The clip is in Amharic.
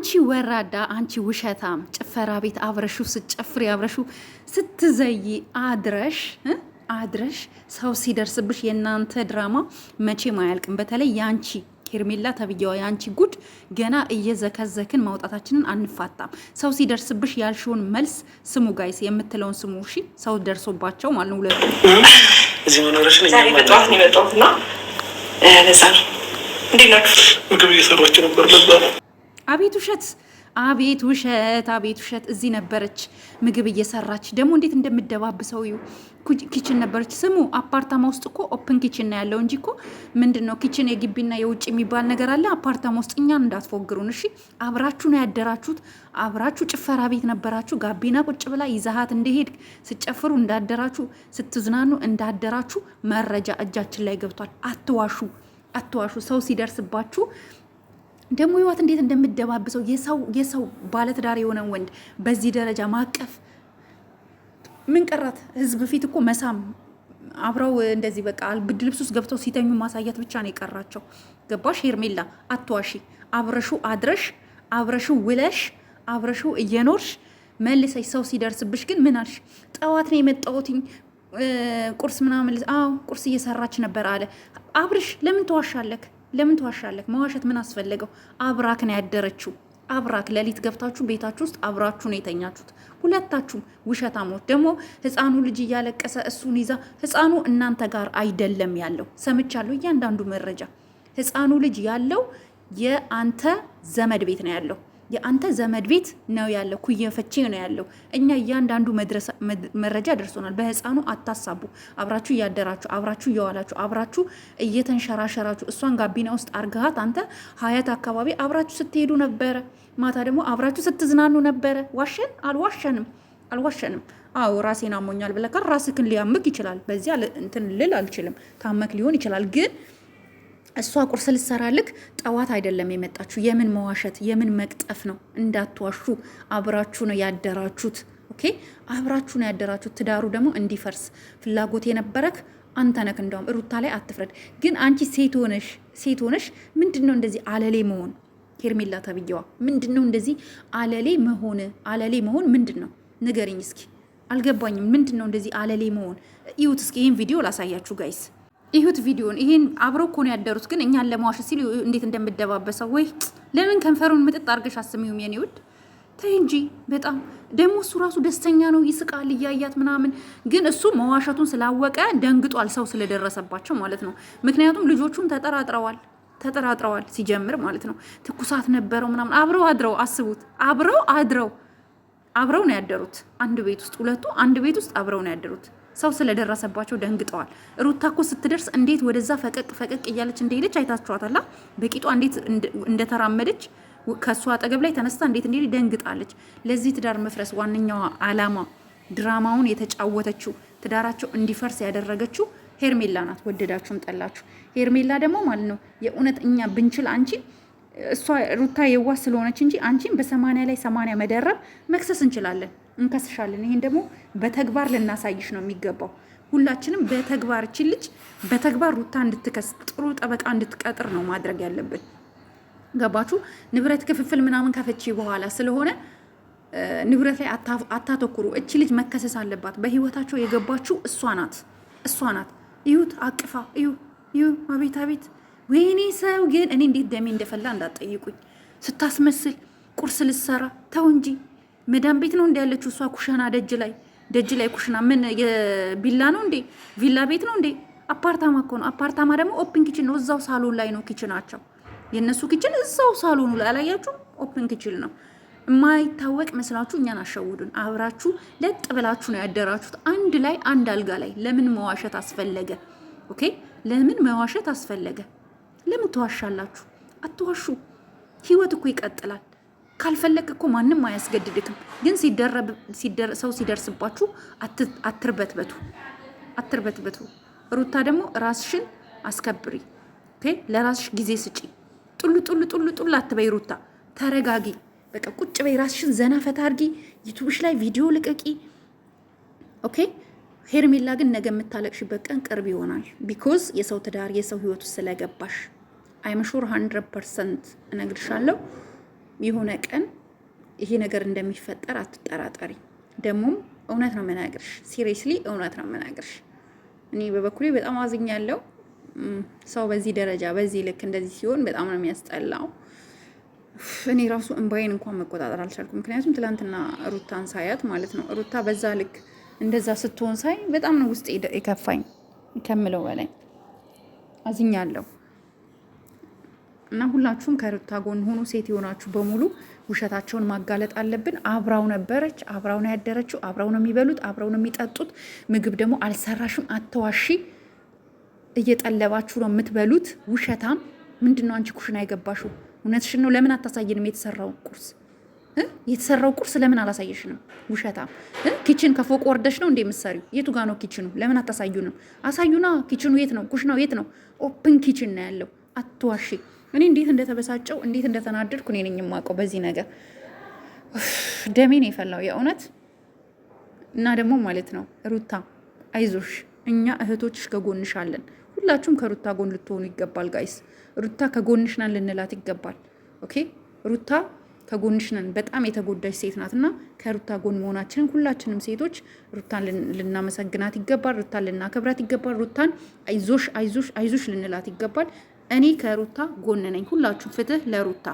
አንቺ ወራዳ፣ አንቺ ውሸታም፣ ጭፈራ ቤት አብረሹ ስትጨፍሪ አብረሹ ስትዘይ አድረሽ አድረሽ ሰው ሲደርስብሽ የእናንተ ድራማ መቼም አያልቅም። በተለይ ያንቺ ሄርሜላ ተብዬዋ የአንቺ ጉድ ገና እየዘከዘክን ማውጣታችንን አንፋታም። ሰው ሲደርስብሽ ያልሽውን መልስ ስሙ፣ ጋይስ የምትለውን ስሙ። እሺ ሰው ደርሶባቸው ማለት ነው። ሁለቱ እዚህ መኖረሽን በጠዋት ነው የመጣሁት እና ለዛ ነው። እንዴት ናችሁ? ምግብ እየሰራችሁ ነበር። ለዛ ነው አቤት ውሸት አቤት ውሸት አቤት ውሸት። እዚህ ነበረች ምግብ እየሰራች ደግሞ እንዴት እንደምደባብሰው ኪችን ነበረች። ስሙ አፓርታማ ውስጥ እኮ ኦፕን ኪችን ያለው እንጂ እኮ ምንድን ነው ኪችን የግቢና የውጭ የሚባል ነገር አለ። አፓርታማ ውስጥ እኛን እንዳትፎግሩን እሺ። አብራችሁ ነው ያደራችሁት። አብራችሁ ጭፈራ ቤት ነበራችሁ። ጋቢና ቁጭ ብላ ይዛሀት እንደሄድ ስጨፍሩ እንዳደራችሁ፣ ስትዝናኑ እንዳደራችሁ መረጃ እጃችን ላይ ገብቷል። አትዋሹ፣ አትዋሹ። ሰው ሲደርስባችሁ ደግሞ ህይወት እንዴት እንደምደባብሰው የሰው የሰው ባለትዳር የሆነ ወንድ በዚህ ደረጃ ማቀፍ ምን ቀራት? ህዝብ ፊት እኮ መሳም አብረው እንደዚህ በቃ ብድ ልብስ ውስጥ ገብተው ሲተኙ ማሳየት ብቻ ነው የቀራቸው። ገባሽ ሄርሜላ? አትዋሺ። አብረሹ አድረሽ አብረሹ ውለሽ አብረሹ እየኖርሽ መልሰሽ ሰው ሲደርስብሽ ግን ምን አልሽ? ጠዋት ነው የመጣሁትኝ ቁርስ ምናምን። አዎ ቁርስ እየሰራች ነበር አለ አብርሽ። ለምን ተዋሻለክ? ለምን ትዋሻለክ? መዋሸት ምን አስፈለገው? አብራክ ነው ያደረችው። አብራክ ሌሊት ገብታችሁ ቤታችሁ ውስጥ አብራችሁ ነው የተኛችሁት ሁለታችሁም ውሸታሞች። ደግሞ ህፃኑ ልጅ እያለቀሰ እሱን ይዛ ህፃኑ እናንተ ጋር አይደለም ያለው ሰምቻለሁ። እያንዳንዱ መረጃ ህፃኑ ልጅ ያለው የአንተ ዘመድ ቤት ነው ያለው የአንተ ዘመድ ቤት ነው ያለው፣ ኩየፈቼ ነው ያለው። እኛ እያንዳንዱ መረጃ ደርሶናል። በህፃኑ አታሳቡ። አብራችሁ እያደራችሁ፣ አብራችሁ እየዋላችሁ፣ አብራችሁ እየተንሸራሸራችሁ እሷን ጋቢና ውስጥ አርግሃት አንተ ሀያት አካባቢ አብራችሁ ስትሄዱ ነበረ። ማታ ደግሞ አብራችሁ ስትዝናኑ ነበረ። ዋሸን አልዋሸንም አልዋሸንም። አዎ ራሴን አሞኛል ብለካል። ራስክን ሊያምክ ይችላል። በዚያ እንትን ልል አልችልም። ታመክ ሊሆን ይችላል ግን እሷ ቁርስ ልሰራልክ ጠዋት አይደለም የመጣችሁ። የምን መዋሸት የምን መቅጠፍ ነው? እንዳትዋሹ። አብራችሁ ነው ያደራችሁት። ኦኬ፣ አብራችሁ ነው ያደራችሁት። ትዳሩ ደግሞ እንዲፈርስ ፍላጎት የነበረክ አንተ ነክ። እንደውም ሩታ ላይ አትፍረድ። ግን አንቺ ሴት ሆነሽ ሴት ሆነሽ ምንድን ነው እንደዚህ አለሌ መሆን? ሄርሜላ ተብዬዋ ምንድን ነው እንደዚህ አለሌ መሆን? አለሌ መሆን ምንድን ነው ንገርኝ እስኪ። አልገባኝም። ምንድን ነው እንደዚህ አለሌ መሆን? ይሁት እስኪ ይህን ቪዲዮ ላሳያችሁ ጋይስ ይሁት ቪዲዮን። ይሄን አብሮ እኮ ነው ያደሩት፣ ግን እኛን ለማዋሸት ሲል እንዴት እንደምደባበሰው ወይ ለምን ከንፈሩን ምጥጥ አርገሽ አስሚውም የኔ ውድ ተይ እንጂ በጣም ደግሞ እሱ ራሱ ደስተኛ ነው፣ ይስቃል እያያት ምናምን። ግን እሱ መዋሸቱን ስላወቀ ደንግጧል፣ ሰው ስለደረሰባቸው ማለት ነው። ምክንያቱም ልጆቹም ተጠራጥረዋል ተጠራጥረዋል ሲጀምር ማለት ነው። ትኩሳት ነበረው ምናምን። አብረው አድረው አስቡት፣ አብረው አድረው አብረው ነው ያደሩት አንድ ቤት ውስጥ ሁለቱ አንድ ቤት ውስጥ አብረው ነው ያደሩት። ሰው ስለደረሰባቸው ደንግጠዋል። ሩታ እኮ ስትደርስ እንዴት ወደዛ ፈቀቅ ፈቀቅ እያለች እንደሄደች አይታችኋታላ። በቂጧ እንዴት እንደተራመደች ከእሱ አጠገብ ላይ ተነስታ እንዴት እንደ ደንግጣለች። ለዚህ ትዳር መፍረስ ዋነኛዋ አላማ ድራማውን የተጫወተችው ትዳራቸው እንዲፈርስ ያደረገችው ሄርሜላ ናት። ወደዳችሁም ጠላችሁ፣ ሄርሜላ ደግሞ ማለት ነው የእውነት እኛ ብንችል አንቺ እሷ ሩታ የዋህ ስለሆነች እንጂ አንቺን በሰማንያ ላይ ሰማንያ መደረብ መክሰስ እንችላለን። እንከስሻለን። ይሄን ደግሞ በተግባር ልናሳይሽ ነው የሚገባው። ሁላችንም በተግባር እችን ልጅ በተግባር ሩታ እንድትከስ ጥሩ ጠበቃ እንድትቀጥር ነው ማድረግ ያለብን። ገባችሁ? ንብረት ክፍፍል ምናምን ከፈቺ በኋላ ስለሆነ ንብረት ላይ አታተኩሩ። እች ልጅ መከሰስ አለባት። በህይወታቸው የገባችው እሷ ናት፣ እሷ ናት። እዩት፣ አቅፋ እዩ፣ እዩ። አቤት አቤት፣ ወይኔ ሰው ግን እኔ እንዴት ደሜ እንደፈላ እንዳትጠይቁኝ። ስታስመስል ቁርስ ልሰራ ተው እንጂ መዳም ቤት ነው እንዲ ያለችው እሷ ኩሽና ደጅ ላይ ደጅ ላይ ኩሽና ምን የቪላ ነው እንዴ? ቪላ ቤት ነው እንዴ? አፓርታማ እኮ ነው። አፓርታማ ደግሞ ኦፕን ኪችን ነው። እዛው ሳሎን ላይ ነው ኪችናቸው። የእነሱ ኪችን እዛው ሳሎኑ ላይ አላያችሁም? ኦፕን ኪችን ነው። የማይታወቅ መስላችሁ እኛን አሸውዱን። አብራችሁ ለጥ ብላችሁ ነው ያደራችሁት አንድ ላይ አንድ አልጋ ላይ። ለምን መዋሸት አስፈለገ? ኦኬ፣ ለምን መዋሸት አስፈለገ? ለምን ተዋሻላችሁ? አትዋሹ። ህይወት እኮ ይቀጥላል። ካልፈለግ እኮ ማንም አያስገድድክም። ግን ሰው ሲደርስባችሁ አትርበትበቱ አትርበትበቱ። ሩታ ደግሞ ራስሽን አስከብሪ፣ ለራስሽ ጊዜ ስጪ። ጡሉ ጡሉ ጡሉ ጡሉ አትበይ። ሩታ ተረጋጊ፣ በቃ ቁጭ በይ፣ ራስሽን ዘና ፈታ አድርጊ። ዩቱብሽ ላይ ቪዲዮ ልቀቂ። ኦኬ ሄርሜላ ግን ነገ የምታለቅሽበት ቀን ቅርብ ይሆናል። ቢኮዝ የሰው ትዳር የሰው ህይወቱ ስለገባሽ አይምሹር 100 ፐርሰንት እነግርሻለሁ። የሆነ ቀን ይሄ ነገር እንደሚፈጠር አትጠራጠሪ። ደግሞም እውነት ነው መናገርሽ፣ ሲሪየስሊ እውነት ነው መናገርሽ። እኔ በበኩሌ በጣም አዝኛለሁ። ሰው በዚህ ደረጃ በዚህ ልክ እንደዚህ ሲሆን በጣም ነው የሚያስጠላው። እኔ ራሱ እንባዬን እንኳን መቆጣጠር አልቻልኩ። ምክንያቱም ትላንትና ሩታን ሳያት ማለት ነው ሩታ በዛ ልክ እንደዛ ስትሆን ሳይ በጣም ነው ውስጥ የከፋኝ ከምለው በላይ አዝኛለሁ። እና ሁላችሁም ከሩታ ጎን ሆኖ ሴት የሆናችሁ በሙሉ ውሸታቸውን ማጋለጥ አለብን። አብራው ነበረች፣ አብራው ነው ያደረችው፣ አብራው ነው የሚበሉት፣ አብራው ነው የሚጠጡት። ምግብ ደግሞ አልሰራሽም፣ አተዋሺ፣ እየጠለባችሁ ነው የምትበሉት። ውሸታም ምንድን ነው? አንቺ ኩሽና አይገባሽው። እውነትሽን ነው። ለምን አታሳየንም? የተሰራው ቁርስ የተሰራው ቁርስ ለምን አላሳየሽንም? ውሸታም ኪችን ከፎቅ ወርደሽ ነው እንዴ የምትሰሪው? የቱ ጋ ነው ኪችኑ? ለምን አታሳዩንም? አሳዩና። ኪችኑ የት ነው? ኩሽናው የት ነው? ኦፕን ኪችን ነው ያለው። አትዋሺ እኔ እንዴት እንደተበሳጨው እንዴት እንደተናደድኩ እኔ ነኝ የማውቀው በዚህ ነገር። ደሜን የፈላው የእውነት እና ደግሞ ማለት ነው ሩታ አይዞሽ፣ እኛ እህቶችሽ ከጎንሽ አለን። ሁላችሁም ከሩታ ጎን ልትሆኑ ይገባል ጋይስ። ሩታ ከጎንሽ ናን ልንላት ይገባል። ኦኬ ሩታ ከጎንሽ ነን። በጣም የተጎዳች ሴት ናት እና ከሩታ ጎን መሆናችንን ሁላችንም ሴቶች ሩታን ልናመሰግናት ይገባል። ሩታን ልናከብራት ይገባል። ሩታን አይዞሽ አይዞሽ አይዞሽ ልንላት ይገባል። እኔ ከሩታ ጎን ነኝ። ሁላችሁ ፍትህ ለሩታ